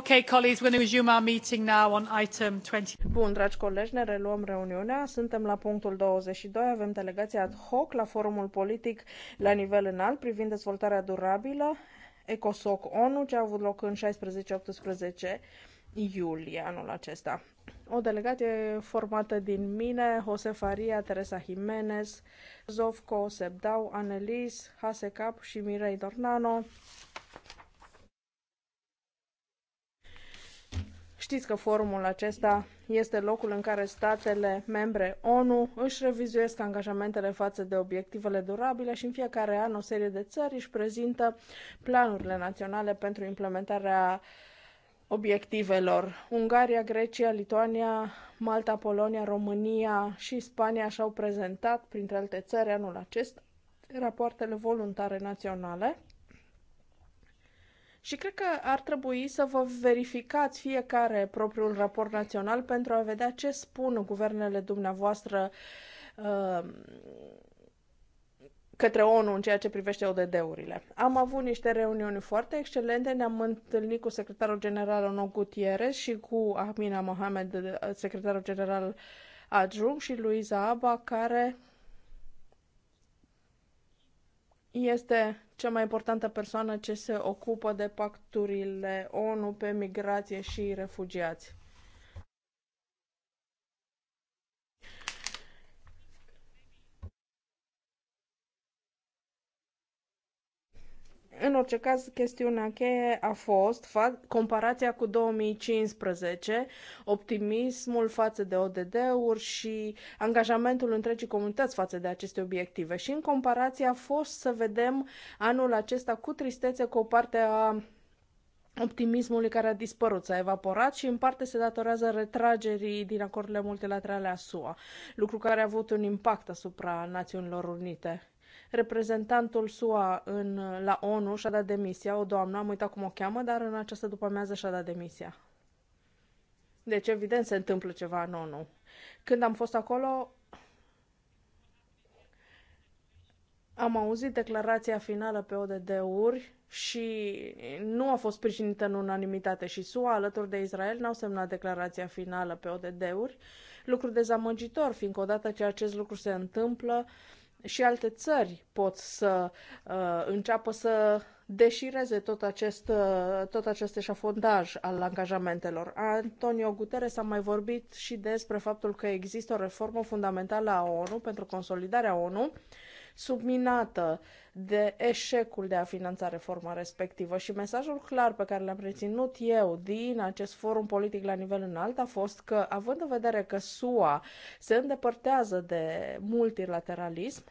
Bun, dragi colegi, ne reluăm reuniunea. Suntem la punctul 22. Avem delegația ad hoc la forumul politic la nivel înalt privind dezvoltarea durabilă ECOSOC ONU, ce a avut loc în 16-18 iulie anul acesta. O delegație formată din mine, Jose Faria, Teresa Jimenez, Zovco, Sebdau, Anelis, Hasecap și Mirei Dornano Știți că forumul acesta este locul în care statele membre ONU își revizuiesc angajamentele față de obiectivele durabile și în fiecare an o serie de țări își prezintă planurile naționale pentru implementarea obiectivelor. Ungaria, Grecia, Lituania, Malta, Polonia, România și Spania și-au prezentat, printre alte țări, anul acesta rapoartele voluntare naționale și cred că ar trebui să vă verificați fiecare propriul raport național pentru a vedea ce spun guvernele dumneavoastră uh, către ONU în ceea ce privește ODD-urile. Am avut niște reuniuni foarte excelente, ne-am întâlnit cu secretarul general Ono Gutierrez și cu Amina Mohamed, secretarul general adjunct și Luiza Aba, care este cea mai importantă persoană ce se ocupă de pacturile ONU pe migrație și refugiați. În orice caz, chestiunea cheie a fost comparația cu 2015, optimismul față de ODD-uri și angajamentul întregii comunități față de aceste obiective. Și în comparație a fost să vedem anul acesta cu tristețe cu o parte a optimismului care a dispărut, s-a evaporat și în parte se datorează retragerii din acordurile multilaterale a SUA, lucru care a avut un impact asupra Națiunilor Unite. Reprezentantul SUA în, la ONU și-a dat demisia, o doamnă, am uitat cum o cheamă, dar în această după-amiază și-a dat demisia. Deci, evident, se întâmplă ceva în ONU. Când am fost acolo, am auzit declarația finală pe ODD-uri și nu a fost sprijinită în unanimitate și SUA alături de Israel n-au semnat declarația finală pe ODD-uri. Lucru dezamăgitor, fiindcă odată ce acest lucru se întâmplă, și alte țări pot să uh, înceapă să deșireze tot acest, uh, tot acest eșafondaj al angajamentelor. Antonio Guterres a mai vorbit și despre faptul că există o reformă fundamentală a ONU pentru consolidarea ONU subminată de eșecul de a finanța reforma respectivă. Și mesajul clar pe care l-am reținut eu din acest forum politic la nivel înalt a fost că, având în vedere că SUA se îndepărtează de multilateralism,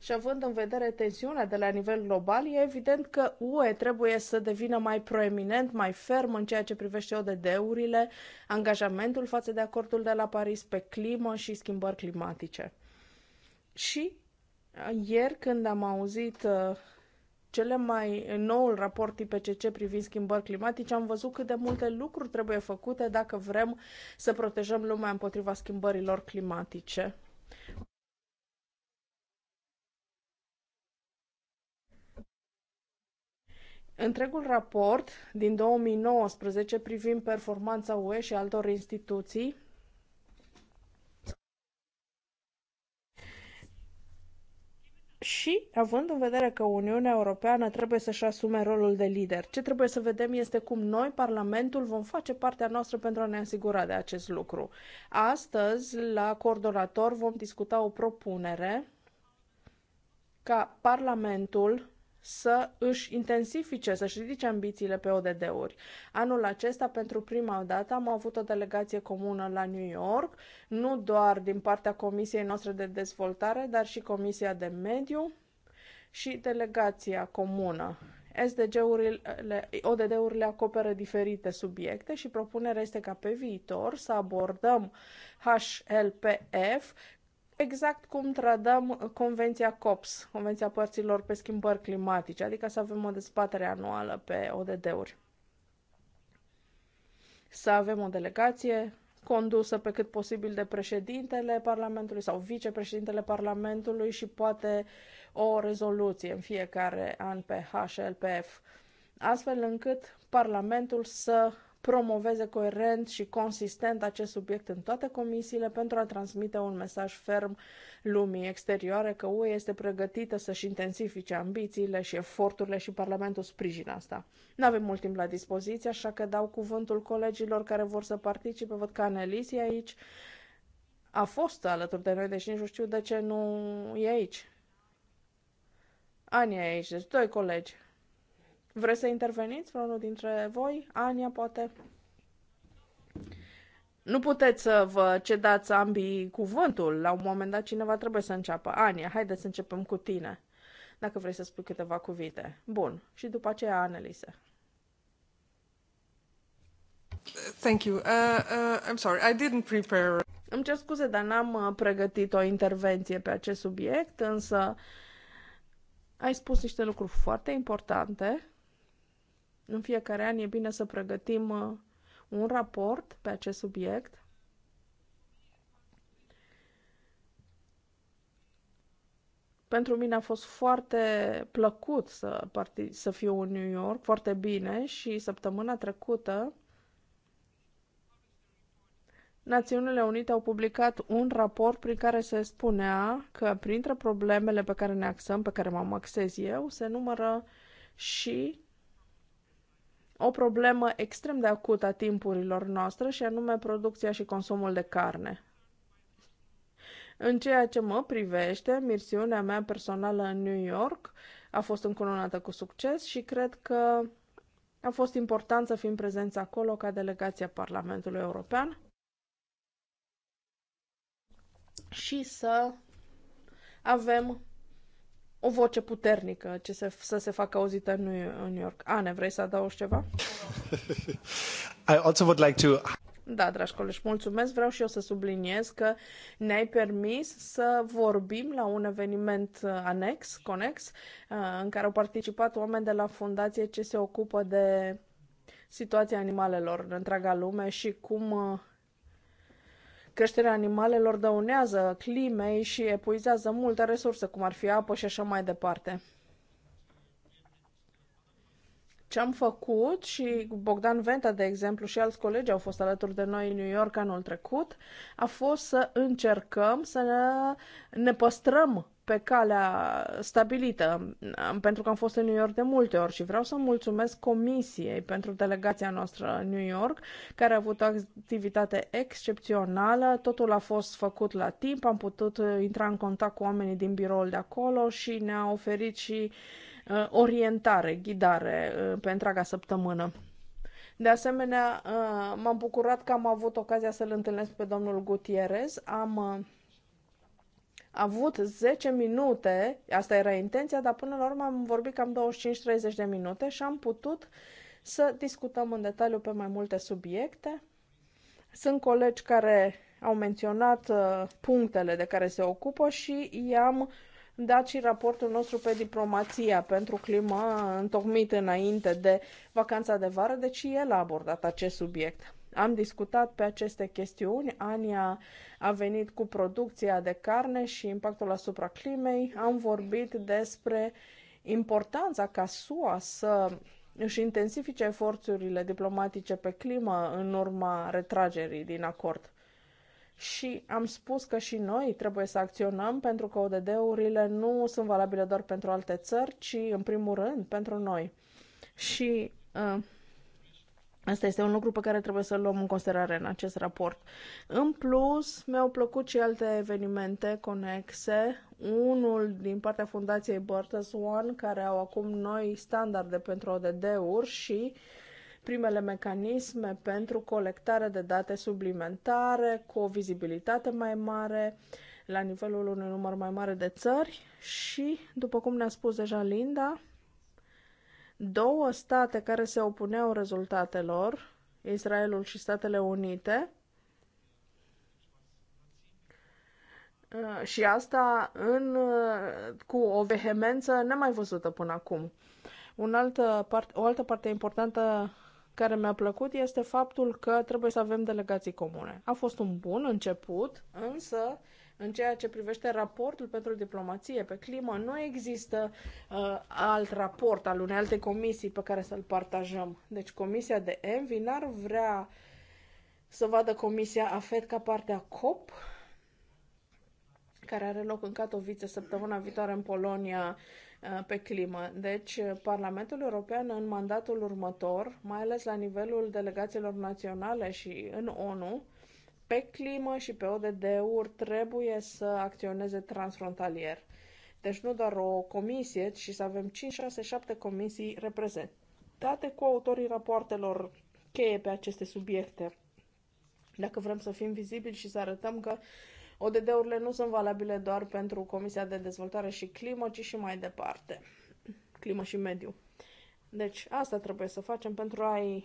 Și având în vedere tensiunea de la nivel global, e evident că UE trebuie să devină mai proeminent, mai ferm în ceea ce privește ODD-urile, angajamentul față de acordul de la Paris pe climă și schimbări climatice. Și uh, ieri când am auzit uh, cele mai noul raport IPCC privind schimbări climatice, am văzut cât de multe lucruri trebuie făcute dacă vrem să protejăm lumea împotriva schimbărilor climatice. Întregul raport din 2019 privind performanța UE și altor instituții Și, având în vedere că Uniunea Europeană trebuie să-și asume rolul de lider, ce trebuie să vedem este cum noi, Parlamentul, vom face partea noastră pentru a ne asigura de acest lucru. Astăzi, la coordonator, vom discuta o propunere ca Parlamentul să își intensifice, să-și ridice ambițiile pe ODD-uri. Anul acesta, pentru prima dată, am avut o delegație comună la New York, nu doar din partea Comisiei noastre de dezvoltare, dar și Comisia de Mediu și delegația comună. SDG-urile, ODD-urile acoperă diferite subiecte și propunerea este ca pe viitor să abordăm HLPF exact cum tradăm Convenția COPS, Convenția Părților pe Schimbări Climatice, adică să avem o dezbatere anuală pe ODD-uri. Să avem o delegație condusă pe cât posibil de președintele Parlamentului sau vicepreședintele Parlamentului și poate o rezoluție în fiecare an pe HLPF, astfel încât Parlamentul să promoveze coerent și consistent acest subiect în toate comisiile pentru a transmite un mesaj ferm lumii exterioare că UE este pregătită să-și intensifice ambițiile și eforturile și Parlamentul sprijină asta. Nu avem mult timp la dispoziție, așa că dau cuvântul colegilor care vor să participe. Văd că Anelis e aici. A fost alături de noi, deci nici nu știu de ce nu e aici. Ania e aici, deci doi colegi. Vreți să interveniți vreunul dintre voi? Ania, poate? Nu puteți să vă cedați ambii cuvântul. La un moment dat cineva trebuie să înceapă. Ania, haideți să începem cu tine. Dacă vrei să spui câteva cuvinte. Bun. Și după aceea, Anelise. Thank you. Uh, uh, I'm sorry, I didn't prepare. Îmi cer scuze, dar n-am uh, pregătit o intervenție pe acest subiect, însă ai spus niște lucruri foarte importante în fiecare an e bine să pregătim uh, un raport pe acest subiect. Pentru mine a fost foarte plăcut să, să fiu în New York, foarte bine și săptămâna trecută Națiunile Unite au publicat un raport prin care se spunea că printre problemele pe care ne axăm, pe care mă axez eu, se numără și o problemă extrem de acută a timpurilor noastre și anume producția și consumul de carne. În ceea ce mă privește, misiunea mea personală în New York a fost încoronată cu succes și cred că a fost important să fim prezenți acolo ca delegația Parlamentului European și să avem o voce puternică ce se, să se facă auzită în New York. Ane, vrei să adaugi ceva? I also would like to... Da, dragi colegi, mulțumesc. Vreau și eu să subliniez că ne-ai permis să vorbim la un eveniment uh, anex, conex, uh, în care au participat oameni de la fundație ce se ocupă de situația animalelor în întreaga lume și cum uh, Creșterea animalelor dăunează climei și epuizează multe resurse, cum ar fi apă și așa mai departe ce am făcut și Bogdan Venta, de exemplu, și alți colegi au fost alături de noi în New York anul trecut, a fost să încercăm să ne, ne păstrăm pe calea stabilită, pentru că am fost în New York de multe ori și vreau să mulțumesc Comisiei pentru delegația noastră în New York, care a avut o activitate excepțională, totul a fost făcut la timp, am putut intra în contact cu oamenii din biroul de acolo și ne-a oferit și uh, Uh, orientare, ghidare uh, pe întreaga săptămână. De asemenea, uh, m-am bucurat că am avut ocazia să-l întâlnesc pe domnul Gutierrez. Am avut 10 minute, asta era intenția, dar până la urmă am vorbit cam 25-30 de minute și am putut să discutăm în detaliu pe mai multe subiecte. Sunt colegi care au menționat punctele de care se ocupă și i-am dat și raportul nostru pe diplomația pentru clima întocmit înainte de vacanța de vară, deci el a abordat acest subiect. Am discutat pe aceste chestiuni, Ania a venit cu producția de carne și impactul asupra climei, am vorbit despre importanța ca SUA să își intensifice eforturile diplomatice pe climă în urma retragerii din acord și am spus că și noi trebuie să acționăm pentru că ODD-urile nu sunt valabile doar pentru alte țări, ci în primul rând pentru noi. Și uh, Asta este un lucru pe care trebuie să-l luăm în considerare în acest raport. În plus, mi-au plăcut și alte evenimente conexe. Unul din partea fundației Burtons One, care au acum noi standarde pentru ODD-uri și uh, primele mecanisme pentru colectare de date suplimentare cu o vizibilitate mai mare la nivelul unui număr mai mare de țări și, după cum ne-a spus deja Linda, două state care se opuneau rezultatelor, Israelul și Statele Unite, uh, și asta în, uh, cu o vehemență nemai văzută până acum. Un altă uh, part, o altă parte importantă care mi-a plăcut este faptul că trebuie să avem delegații comune. A fost un bun început, însă în ceea ce privește raportul pentru diplomație pe climă, nu există uh, alt raport al unei alte comisii pe care să-l partajăm. Deci comisia de Envi n-ar vrea să vadă comisia AFET ca parte a COP, care are loc în Katowice săptămâna viitoare în Polonia, Uh, pe climă. Deci, uh, Parlamentul European în mandatul următor, mai ales la nivelul delegațiilor naționale și în ONU, pe climă și pe ODD-uri trebuie să acționeze transfrontalier. Deci nu doar o comisie, ci să avem 5, 6, 7 comisii reprezentate cu autorii rapoartelor cheie pe aceste subiecte. Dacă vrem să fim vizibili și să arătăm că ODD-urile nu sunt valabile doar pentru Comisia de Dezvoltare și Climă, ci și mai departe. Climă și mediu. Deci asta trebuie să facem pentru a-i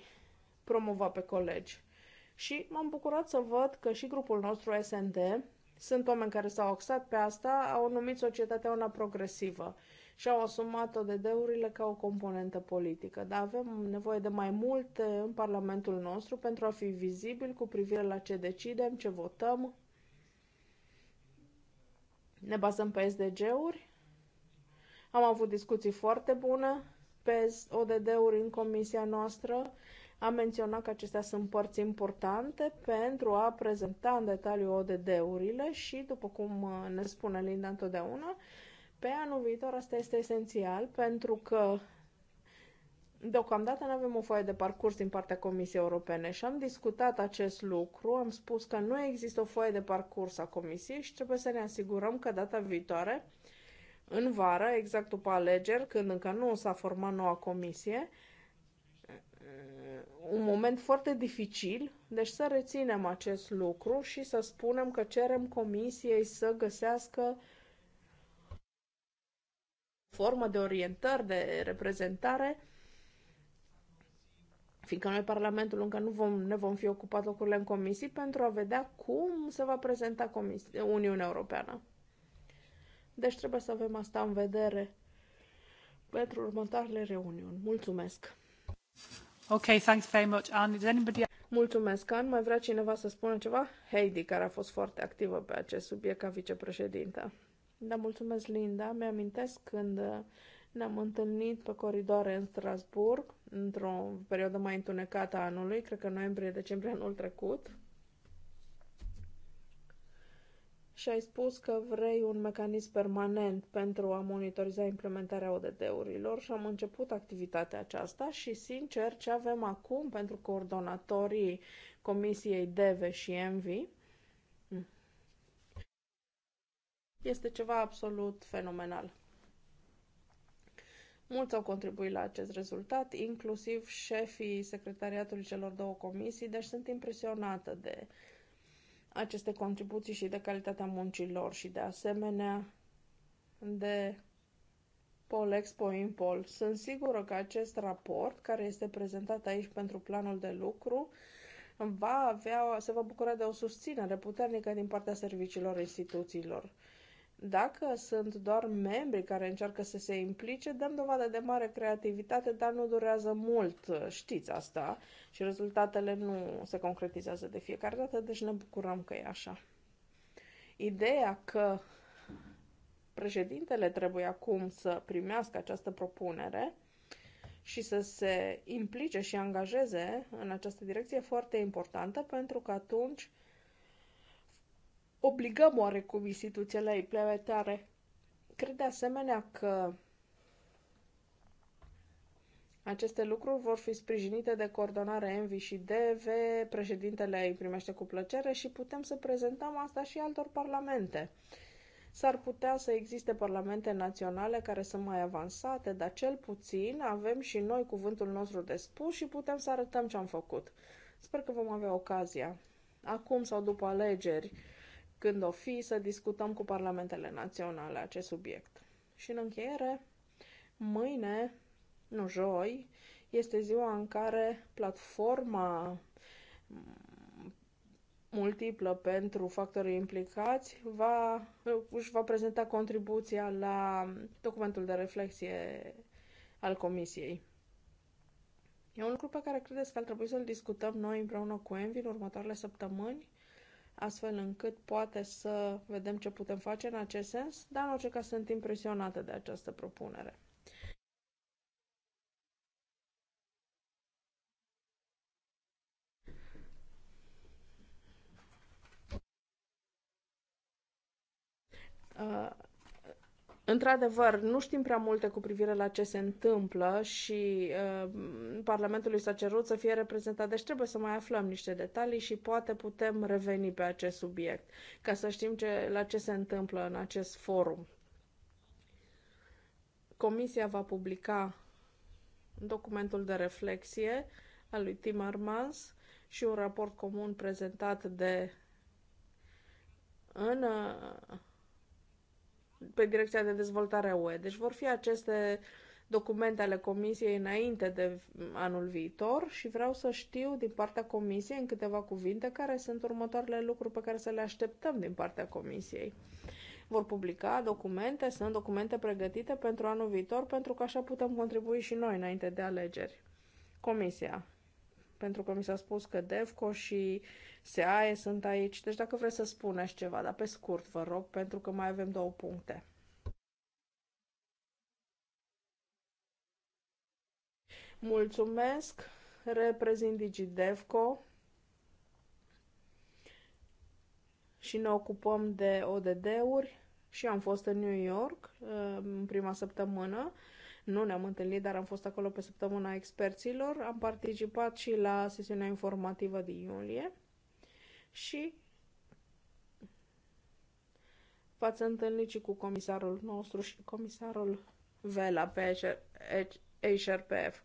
promova pe colegi. Și m-am bucurat să văd că și grupul nostru SND sunt oameni care s-au axat pe asta, au numit societatea una progresivă și au asumat ODD-urile ca o componentă politică. Dar avem nevoie de mai mult în Parlamentul nostru pentru a fi vizibil cu privire la ce decidem, ce votăm ne bazăm pe SDG-uri. Am avut discuții foarte bune pe ODD-uri în comisia noastră. Am menționat că acestea sunt părți importante pentru a prezenta în detaliu ODD-urile și, după cum uh, ne spune Linda întotdeauna, pe anul viitor asta este esențial pentru că Deocamdată nu avem o foaie de parcurs din partea Comisiei Europene și am discutat acest lucru, am spus că nu există o foaie de parcurs a Comisiei și trebuie să ne asigurăm că data viitoare, în vară, exact după alegeri, când încă nu s-a format noua comisie, un moment foarte dificil, deci să reținem acest lucru și să spunem că cerem comisiei să găsească formă de orientări, de reprezentare fiindcă noi Parlamentul încă nu vom, ne vom fi ocupat locurile în comisii pentru a vedea cum se va prezenta Uniunea Europeană. Deci trebuie să avem asta în vedere pentru următoarele reuniuni. Mulțumesc! Ok, thanks very much, Anne. Does anybody... Mulțumesc, Anne. Mai vrea cineva să spună ceva? Heidi, care a fost foarte activă pe acest subiect ca vicepreședintă. Da, mulțumesc, Linda. Mi-amintesc când ne-am întâlnit pe coridoare în Strasburg, într-o perioadă mai întunecată a anului, cred că noiembrie-decembrie anul trecut. Și ai spus că vrei un mecanism permanent pentru a monitoriza implementarea ODD-urilor și am început activitatea aceasta și, sincer, ce avem acum pentru coordonatorii Comisiei DEVE și ENVI este ceva absolut fenomenal. Mulți au contribuit la acest rezultat, inclusiv șefii secretariatului celor două comisii, deci sunt impresionată de aceste contribuții și de calitatea muncilor și de asemenea de in pol. Sunt sigură că acest raport, care este prezentat aici pentru planul de lucru, va avea, se va bucura de o susținere puternică din partea serviciilor instituțiilor. Dacă sunt doar membri care încearcă să se implice, dăm dovadă de mare creativitate, dar nu durează mult, știți asta, și rezultatele nu se concretizează de fiecare dată, deci ne bucurăm că e așa. Ideea că președintele trebuie acum să primească această propunere și să se implice și angajeze în această direcție foarte importantă pentru că atunci obligăm oarecum instituțiile la implementare. Cred de asemenea că aceste lucruri vor fi sprijinite de coordonarea Envi și DV, președintele îi primește cu plăcere și putem să prezentăm asta și altor parlamente. S-ar putea să existe parlamente naționale care sunt mai avansate, dar cel puțin avem și noi cuvântul nostru de spus și putem să arătăm ce am făcut. Sper că vom avea ocazia, acum sau după alegeri, când o fi, să discutăm cu parlamentele naționale acest subiect. Și în încheiere, mâine, nu joi, este ziua în care platforma multiplă pentru factorii implicați va, își va prezenta contribuția la documentul de reflexie al Comisiei. E un lucru pe care credeți că ar trebui să-l discutăm noi împreună cu Envi în următoarele săptămâni? astfel încât poate să vedem ce putem face în acest sens, dar în orice caz sunt impresionată de această propunere. Uh, Într-adevăr, nu știm prea multe cu privire la ce se întâmplă și uh, Parlamentului s-a cerut să fie reprezentat, deci trebuie să mai aflăm niște detalii și poate putem reveni pe acest subiect ca să știm ce, la ce se întâmplă în acest forum. Comisia va publica documentul de reflexie al lui Timmermans și un raport comun prezentat de în uh, pe direcția de dezvoltare a UE. Deci vor fi aceste documente ale comisiei înainte de anul viitor și vreau să știu din partea comisiei în câteva cuvinte care sunt următoarele lucruri pe care să le așteptăm din partea comisiei. Vor publica documente, sunt documente pregătite pentru anul viitor pentru că așa putem contribui și noi înainte de alegeri. Comisia pentru că mi s-a spus că DEVCO și SEAE sunt aici. Deci dacă vreți să spuneți ceva, dar pe scurt vă rog, pentru că mai avem două puncte. Mulțumesc, reprezint DigiDevco și ne ocupăm de ODD-uri și am fost în New York uh, în prima săptămână nu ne-am întâlnit, dar am fost acolo pe săptămâna experților. Am participat și la sesiunea informativă din iulie și v-ați întâlnit și cu comisarul nostru și comisarul Vela pe HRPF.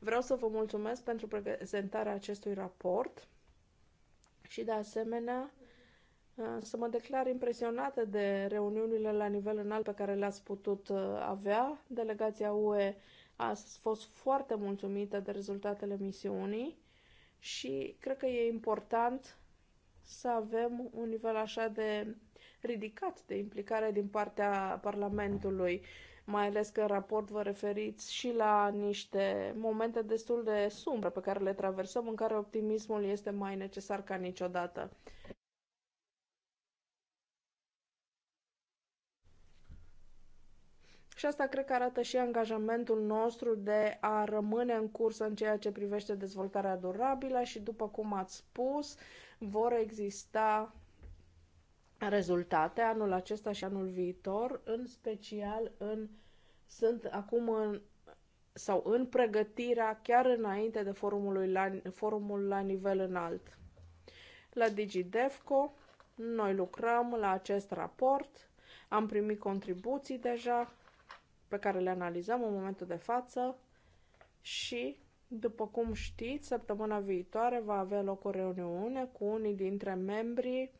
Vreau să vă mulțumesc pentru prezentarea acestui raport și de asemenea Eh, să mă declar impresionată de reuniunile la nivel înalt pe care le-ați putut eh, avea. Delegația UE a fost foarte mulțumită de rezultatele misiunii și cred că e important să avem un nivel așa de ridicat de implicare din partea Parlamentului, mai ales că în raport vă referiți și la niște momente destul de sumbre pe care le traversăm, în care optimismul este mai necesar ca niciodată. Și asta cred că arată și angajamentul nostru de a rămâne în cursă în ceea ce privește dezvoltarea durabilă și, după cum ați spus, vor exista rezultate anul acesta și anul viitor, în special în sunt acum în sau în pregătirea chiar înainte de forumul la, forumul la nivel înalt. La DigiDefco noi lucrăm la acest raport, am primit contribuții deja pe care le analizăm în momentul de față și, după cum știți, săptămâna viitoare va avea loc o reuniune cu unii dintre membrii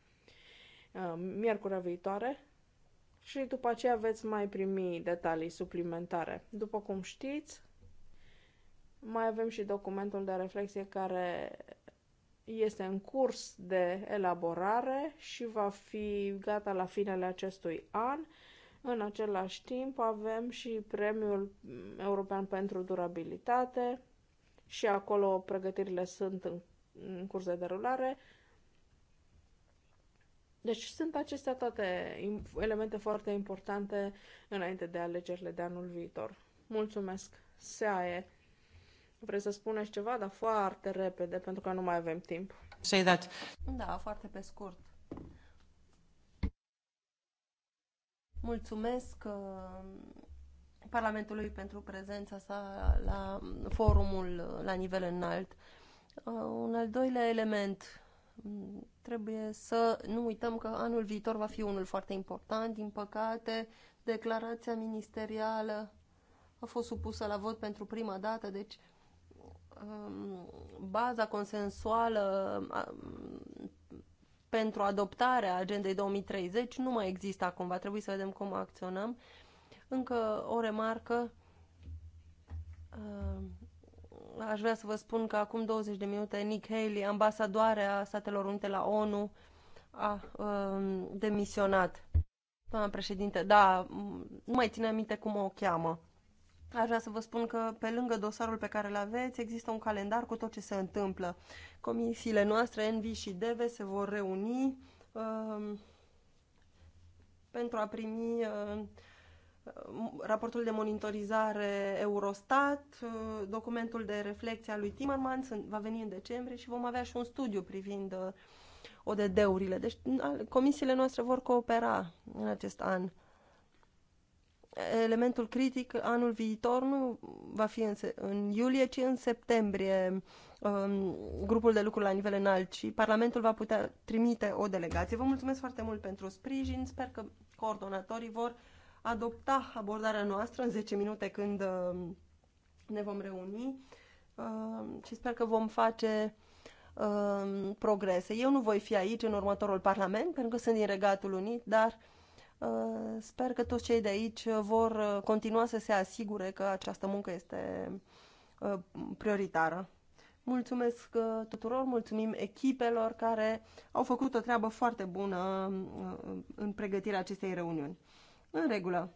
uh, miercurea viitoare și după aceea veți mai primi detalii suplimentare. După cum știți, mai avem și documentul de reflexie care este în curs de elaborare și va fi gata la finele acestui an în același timp avem și Premiul European pentru Durabilitate și acolo pregătirile sunt în, în curs de derulare. Deci sunt acestea toate elemente foarte importante înainte de alegerile de anul viitor. Mulțumesc! SAE. Vrei să spuneți ceva, dar foarte repede, pentru că nu mai avem timp. Say that. Da, foarte pe scurt. Mulțumesc uh, Parlamentului pentru prezența sa la forumul uh, la nivel înalt. Uh, un al doilea element. Trebuie să nu uităm că anul viitor va fi unul foarte important. Din păcate, declarația ministerială a fost supusă la vot pentru prima dată, deci um, baza consensuală um, pentru adoptarea agendei 2030 nu mai există acum, va trebui să vedem cum acționăm. Încă o remarcă, uh, aș vrea să vă spun că acum 20 de minute Nick Haley, ambasadoarea Statelor Unite la ONU, a uh, demisionat. Doamna președinte, da, nu mai ține aminte cum o cheamă. Aș vrea să vă spun că pe lângă dosarul pe care îl aveți, există un calendar cu tot ce se întâmplă. Comisiile noastre, Envi și Deve, se vor reuni uh, pentru a primi uh, raportul de monitorizare Eurostat, uh, documentul de reflecție a lui Timmermans va veni în decembrie și vom avea și un studiu privind uh, ODD-urile. Deci comisiile noastre vor coopera în acest an elementul critic anul viitor nu va fi în, în iulie, ci în septembrie um, grupul de lucru la nivel înalt și Parlamentul va putea trimite o delegație. Vă mulțumesc foarte mult pentru sprijin. Sper că coordonatorii vor adopta abordarea noastră în 10 minute când uh, ne vom reuni uh, și sper că vom face uh, progrese. Eu nu voi fi aici în următorul Parlament pentru că sunt din Regatul Unit, dar uh, Uh, sper că toți cei de aici vor uh, continua să se asigure că această muncă este uh, prioritară. Mulțumesc tuturor, mulțumim echipelor care au făcut o treabă foarte bună în pregătirea acestei reuniuni. În regulă,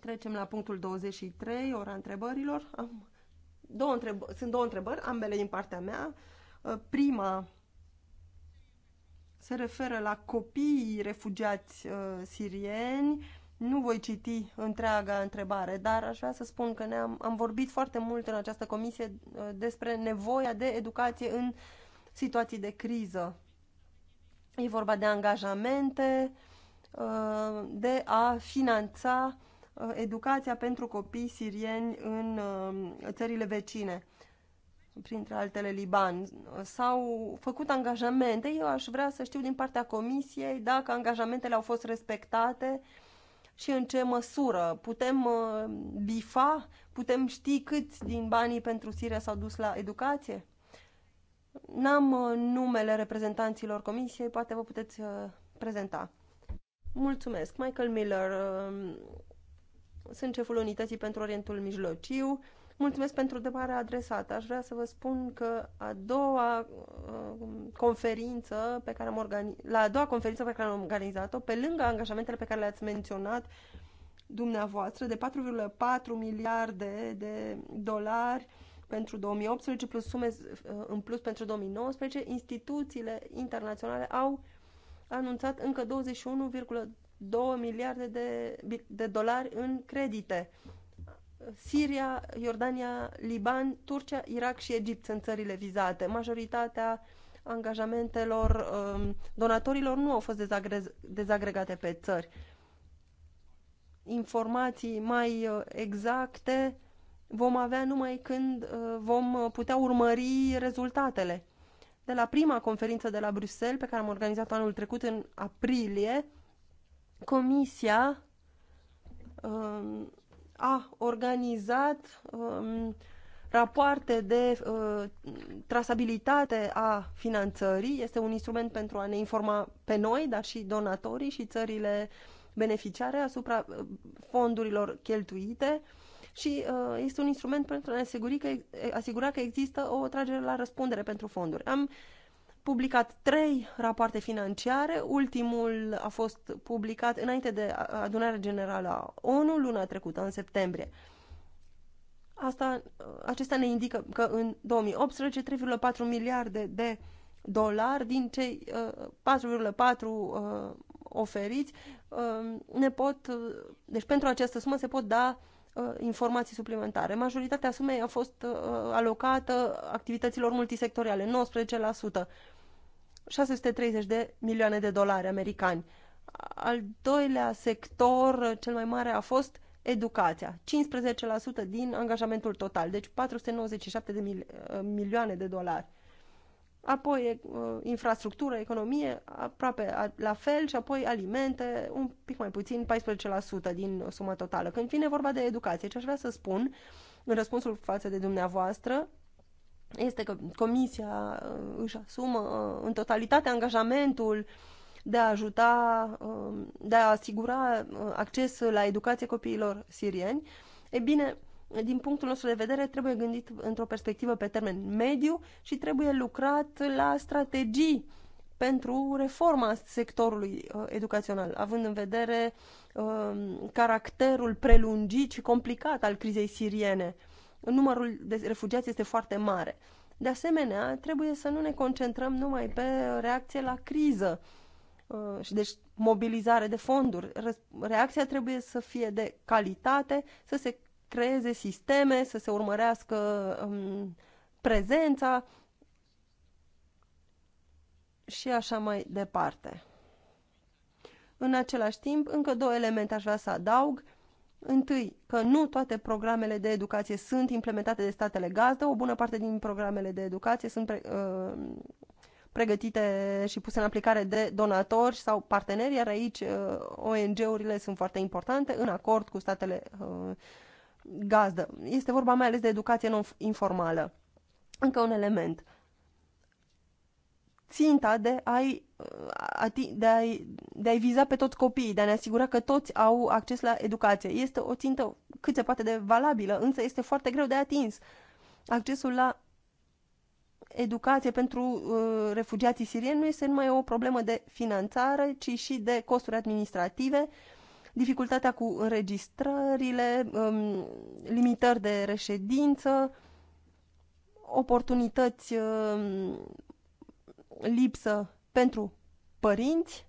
trecem la punctul 23, ora întrebărilor. Am două întreb- sunt două întrebări, ambele din partea mea. Prima se referă la copiii refugiați uh, sirieni. Nu voi citi întreaga întrebare, dar aș vrea să spun că ne-am am vorbit foarte mult în această comisie uh, despre nevoia de educație în situații de criză. E vorba de angajamente, uh, de a finanța uh, educația pentru copii sirieni în uh, țările vecine printre altele Liban, s-au făcut angajamente. Eu aș vrea să știu din partea Comisiei dacă angajamentele au fost respectate și în ce măsură. Putem uh, bifa? Putem ști câți din banii pentru Siria s-au dus la educație? N-am uh, numele reprezentanților Comisiei, poate vă puteți uh, prezenta. Mulțumesc. Michael Miller, sunt șeful Unității pentru Orientul Mijlociu Mulțumesc pentru întrebarea adresată. Aș vrea să vă spun că a doua uh, conferință pe care am organizat, la a doua conferință pe care am organizat-o, pe lângă angajamentele pe care le-ați menționat dumneavoastră, de 4,4 miliarde de dolari pentru 2018 plus sume uh, în plus pentru 2019, instituțiile internaționale au anunțat încă 21,2 miliarde de, de dolari în credite Siria, Iordania, Liban, Turcia, Irak și Egipt sunt țările vizate. Majoritatea angajamentelor um, donatorilor nu au fost dezagregate pe țări. Informații mai uh, exacte vom avea numai când uh, vom uh, putea urmări rezultatele. De la prima conferință de la Bruxelles, pe care am organizat-o anul trecut în aprilie, Comisia um, a organizat um, rapoarte de uh, trasabilitate a finanțării. Este un instrument pentru a ne informa pe noi, dar și donatorii și țările beneficiare asupra uh, fondurilor cheltuite și uh, este un instrument pentru a ne asiguri că, asigura că există o tragere la răspundere pentru fonduri. Am uh, publicat trei rapoarte financiare. Ultimul a fost publicat înainte de adunarea generală a ONU luna trecută, în septembrie. Asta, acesta ne indică că în 2018 3,4 miliarde de dolari din cei 4,4 uh, uh, oferiți uh, ne pot, deci pentru această sumă se pot da informații suplimentare. Majoritatea sumei a fost alocată activităților multisectoriale, 19%. 630 de milioane de dolari americani. Al doilea sector, cel mai mare, a fost educația, 15% din angajamentul total, deci 497 de mil, eh, milioane de dolari. Apoi eh, infrastructură, economie, aproape la fel și apoi alimente, un pic mai puțin, 14% din suma totală. Când vine vorba de educație, ce aș vrea să spun în răspunsul față de dumneavoastră este că Comisia uh, își asumă uh, în totalitate angajamentul de a ajuta, uh, de a asigura acces la educație copiilor sirieni. E bine, din punctul nostru de vedere, trebuie gândit într-o perspectivă pe termen mediu și trebuie lucrat la strategii pentru reforma sectorului educațional, având în vedere caracterul prelungit și complicat al crizei siriene numărul de refugiați este foarte mare. De asemenea, trebuie să nu ne concentrăm numai pe reacție la criză uh, și deci mobilizare de fonduri. Reacția trebuie să fie de calitate, să se creeze sisteme, să se urmărească um, prezența și așa mai departe. În același timp, încă două elemente aș vrea să adaug. Întâi, că nu toate programele de educație sunt implementate de statele gazdă, o bună parte din programele de educație sunt pre, uh, pregătite și puse în aplicare de donatori sau parteneri, iar aici uh, ONG-urile sunt foarte importante în acord cu statele uh, gazdă. Este vorba mai ales de educație non informală. Încă un element. Uh, ținta de a-i, de, a de a viza pe toți copiii, de a ne asigura că toți au acces la educație. Este o țintă cât se poate de valabilă, însă este foarte greu de atins. Accesul la educație pentru uh, refugiații sirieni nu este numai o problemă de finanțare, ci și de costuri administrative, dificultatea cu înregistrările, um, limitări de reședință, oportunități um, lipsă pentru părinți,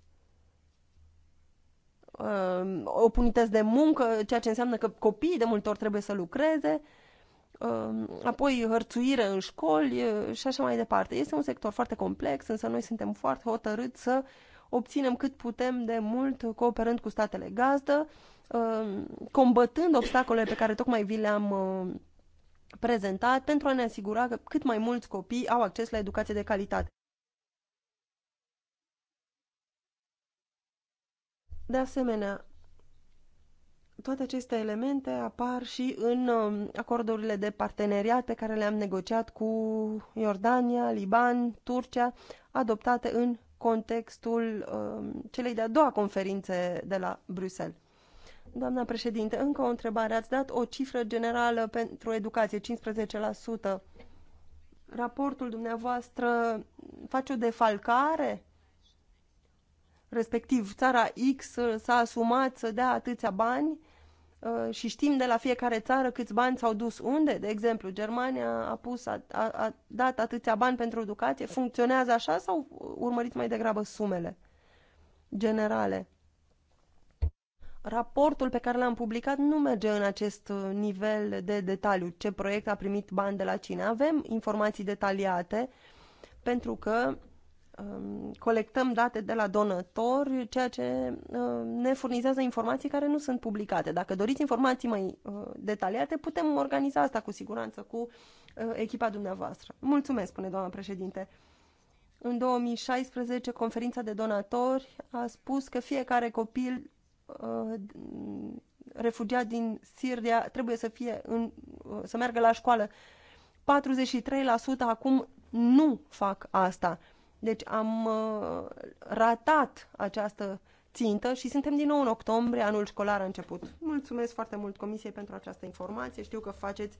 uh, punități de muncă, ceea ce înseamnă că copiii de multe ori trebuie să lucreze, uh, apoi hărțuire în școli uh, și așa mai departe. Este un sector foarte complex, însă noi suntem foarte hotărâți să obținem cât putem de mult cooperând cu statele gazdă, combătând obstacolele pe care tocmai vi le-am prezentat pentru a ne asigura că cât mai mulți copii au acces la educație de calitate. De asemenea, toate aceste elemente apar și în um, acordurile de parteneriat pe care le-am negociat cu Iordania, Liban, Turcia, adoptate în contextul uh, celei de-a doua conferințe de la Bruxelles. Doamna președinte, încă o întrebare. Ați dat o cifră generală pentru educație, 15%. Raportul dumneavoastră face o defalcare respectiv țara X s-a asumat să dea atâția bani uh, și știm de la fiecare țară câți bani s-au dus unde. De exemplu, Germania a, pus, a, a, a dat atâția bani pentru educație. Funcționează așa sau urmăriți mai degrabă sumele generale? Raportul pe care l-am publicat nu merge în acest uh, nivel de detaliu, ce proiect a primit bani de la cine. Avem informații detaliate pentru că Um, colectăm date de la donatori, ceea ce um, ne furnizează informații care nu sunt publicate. Dacă doriți informații mai uh, detaliate, putem organiza asta cu siguranță cu uh, echipa dumneavoastră. Mulțumesc, spune doamna președinte. În 2016, conferința de donatori a spus că fiecare copil uh, refugiat din Siria trebuie să, fie în, să meargă la școală. 43% acum nu fac asta deci am uh, ratat această țintă și suntem din nou în octombrie, anul școlar a început. Mulțumesc foarte mult Comisiei pentru această informație. Știu că faceți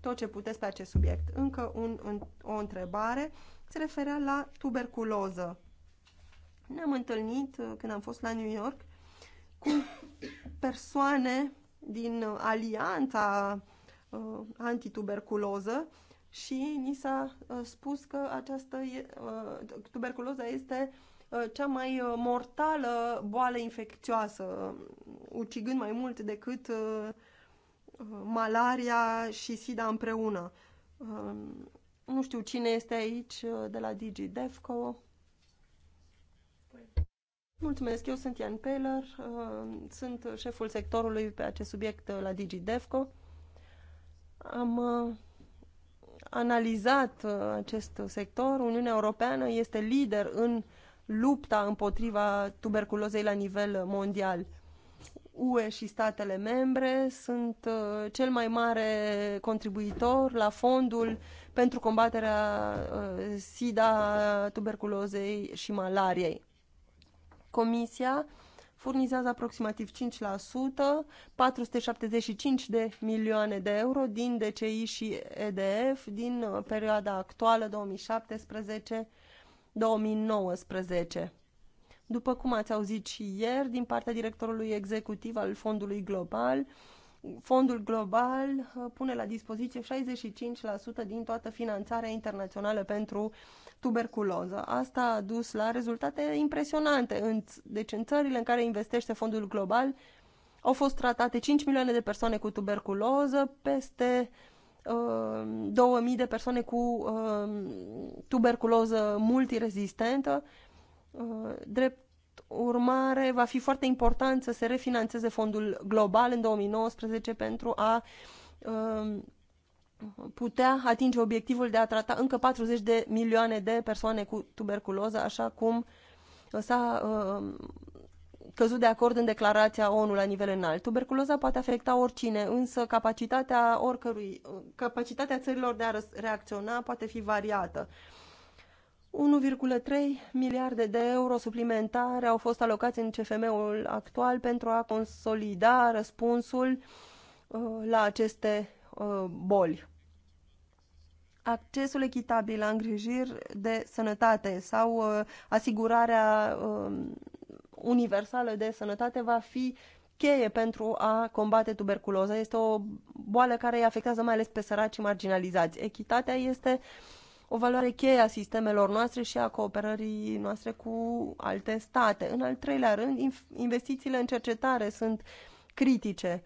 tot ce puteți pe acest subiect. Încă un, un, o întrebare se referă la tuberculoză. Ne-am întâlnit uh, când am fost la New York cu persoane din uh, alianța uh, antituberculoză și ni s-a uh, spus că această uh, tuberculoza este uh, cea mai mortală boală infecțioasă, ucigând mai mult decât malaria și sida împreună. Um, nu știu cine este aici de la Digi Defco. Mulțumesc, eu sunt Ian Peller, sunt șeful sectorului pe acest subiect la Digi Defco. Am analizat uh, acest sector. Uniunea Europeană este lider în lupta împotriva tuberculozei la nivel mondial. UE și statele membre sunt uh, cel mai mare contribuitor la fondul pentru combaterea uh, SIDA, tuberculozei și malariei. Comisia furnizează aproximativ 5%, 475 de milioane de euro din DCI și EDF din uh, perioada actuală 2017-2019. După cum ați auzit și ieri, din partea directorului executiv al Fondului Global, Fondul global uh, pune la dispoziție 65% din toată finanțarea internațională pentru tuberculoză. Asta a dus la rezultate impresionante. În, deci în țările în care investește fondul global au fost tratate 5 milioane de persoane cu tuberculoză, peste uh, 2000 de persoane cu uh, tuberculoză multirezistentă. Uh, drept urmare, va fi foarte important să se refinanțeze fondul global în 2019 pentru a uh, putea atinge obiectivul de a trata încă 40 de milioane de persoane cu tuberculoză, așa cum uh, s-a uh, căzut de acord în declarația ONU la nivel înalt. Tuberculoza poate afecta oricine, însă capacitatea, oricărui, uh, capacitatea țărilor de a reacționa poate fi variată. 1,3 miliarde de euro suplimentare au fost alocați în CFM-ul actual pentru a consolida răspunsul la aceste Uh, boli. Accesul echitabil la îngrijiri de sănătate sau uh, asigurarea um, universală de sănătate va fi cheie pentru a combate tuberculoza. Este o boală care îi afectează mai ales pe săracii marginalizați. Echitatea este o valoare cheie a sistemelor noastre și a cooperării noastre cu alte state. În al treilea rând, investițiile în cercetare sunt critice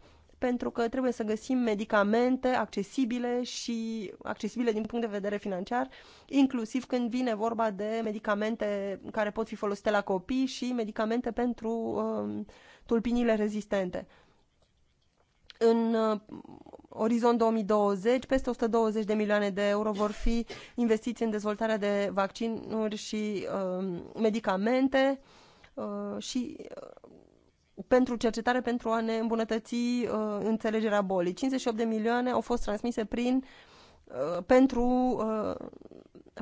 pentru că trebuie să găsim medicamente accesibile și accesibile din punct de vedere financiar, inclusiv când vine vorba de medicamente care pot fi folosite la copii și medicamente pentru um, tulpinile rezistente. În uh, orizont 2020, peste 120 de milioane de euro vor fi investiți în dezvoltarea de vaccinuri și uh, medicamente uh, și uh, pentru cercetare pentru a ne îmbunătăți uh, înțelegerea bolii. 58 de milioane au fost transmise prin uh, pentru uh,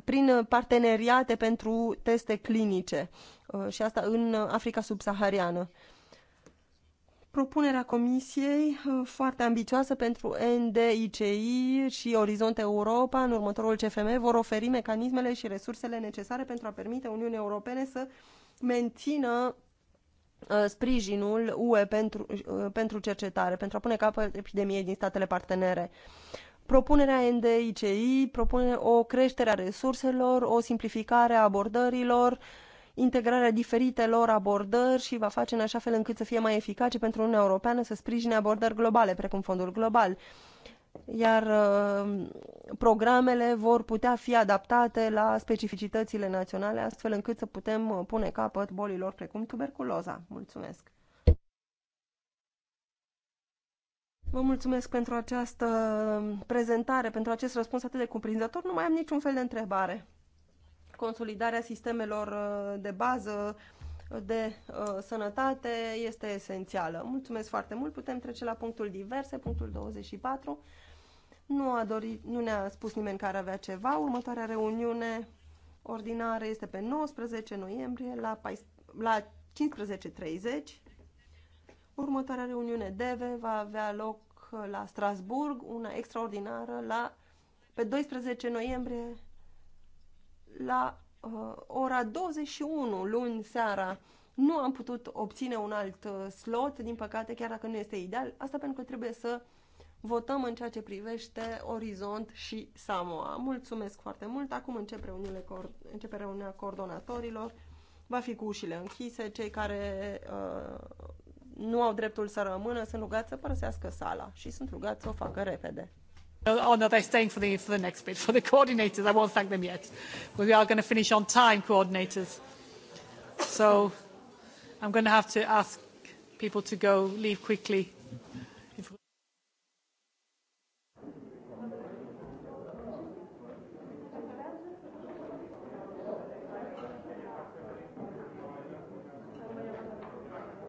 prin parteneriate pentru teste clinice uh, și asta în Africa subsahariană. Propunerea comisiei uh, foarte ambicioasă pentru NDICI și Orizont Europa în următorul CFM vor oferi mecanismele și resursele necesare pentru a permite Uniunii Europene să mențină Uh, sprijinul UE pentru, uh, pentru cercetare, pentru a pune capăt epidemiei din statele partenere. Propunerea NDICI propune o creștere a resurselor, o simplificare a abordărilor, integrarea diferitelor abordări și va face în așa fel încât să fie mai eficace pentru Uniunea Europeană să sprijine abordări globale, precum fondul global iar uh, programele vor putea fi adaptate la specificitățile naționale, astfel încât să putem uh, pune capăt bolilor precum tuberculoza. Mulțumesc! Vă mulțumesc pentru această prezentare, pentru acest răspuns atât de cuprinzător. Nu mai am niciun fel de întrebare. Consolidarea sistemelor uh, de bază de uh, sănătate este esențială. Mulțumesc foarte mult. Putem trece la punctul diverse, punctul 24. Nu, a dorit, nu ne-a spus nimeni care avea ceva. Următoarea reuniune ordinară este pe 19 noiembrie la, la 15.30. Următoarea reuniune DEVE va avea loc la Strasburg, una extraordinară la, pe 12 noiembrie la uh, ora 21 luni seara nu am putut obține un alt uh, slot, din păcate, chiar dacă nu este ideal. Asta pentru că trebuie să votăm în ceea ce privește Orizont și Samoa. Mulțumesc foarte mult. Acum încep reuniunile, începe reuniunea coordonatorilor. Va fi cu ușile închise. Cei care uh, nu au dreptul să rămână sunt rugați să părăsească sala și sunt rugați să o facă repede. Oh, oh, no, they're staying for the, for the next bit, for the coordinators. I won't thank them yet. but We are going to finish on time, coordinators. So I'm going to have to ask people to go, leave quickly.